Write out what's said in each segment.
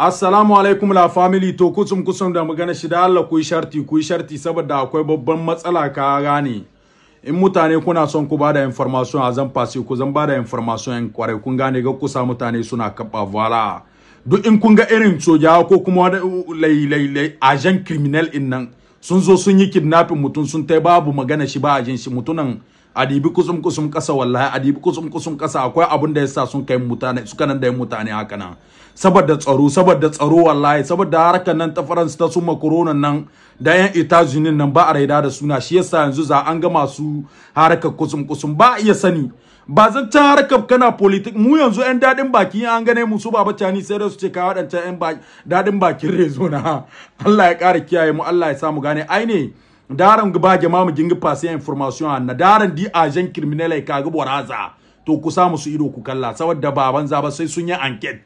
Assalamu alaikum la family to kusum kusum da magana shi da Allah ku yi sharti ku yi sharti saboda akwai babban matsala ka gane in mutane kuna son ku bada information a zan fasi ku zan bada information yan kware kun gane ga kusa mutane suna kaba wala duk in kun ga irin soja ko kuma uh, lai lai lai agent criminal in nan sun zo sun yi kidnapping mutum sun tai babu magana shi ba agent shi mutunan adibi kusum kusum kasa wallahi adibi kusum kusum kasa akwai abin da yasa sun kai mutane suka nan da mutane haka nan saboda tsaro saboda tsaro wallahi saboda harkan nan ta faransa ta su makorona nan da yan itajinin nan ba a raida da suna shi yasa yanzu za an ga masu harkar kusum kusum ba iya sani ba zan ta harkar kana politik mu yanzu yan dadin baki an gane mu su baba tani sai da su ce ka wadanta yan dadin bakin rezo na Allah ya kare kiyaye mu Allah ya sa mu gane ai ne ndaran gba jama mu jingi passe information an ndaran di agent criminel k'a kaga boraza to ku samu su ido ku kalla saboda baban zaba sai sun yi enquête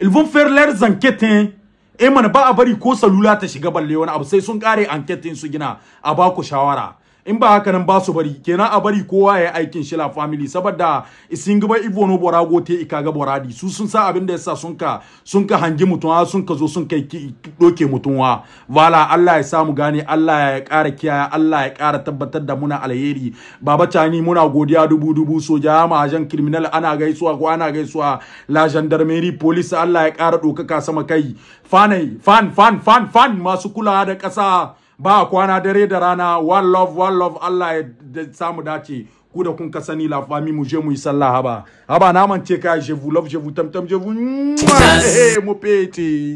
ils vont faire leurs enquêtes eh mana ba a bari ko salula ta shiga balle wani abu sai sun kare enquête su gina a ba ku shawara in ba haka nan ba su bari kenan a bari kowa ya aikin shila family saboda isin gaba bora borago te ikaga boradi su sun sa abin da yasa sun ka sun ka hangi mutum sun ka zo sun kai doke mutum wa wala Allah ya samu gane Allah ya kara kiyaye Allah ya kara tabbatar da muna alheri baba cani muna godiya dubu dubu soja mahajan criminal ana gaisuwa ko ana gaisuwa la gendarmerie police Allah ya ƙara ka sama kai fanai fan fan fan fan masu kula da kasa. ba kwana dare da rana one love one love Allah ya samu dace ku da kun ka sani la fami mu je mu yi sallah haba haba na mance ka je vous love je vous tam tam je vous eh, eh, mu pete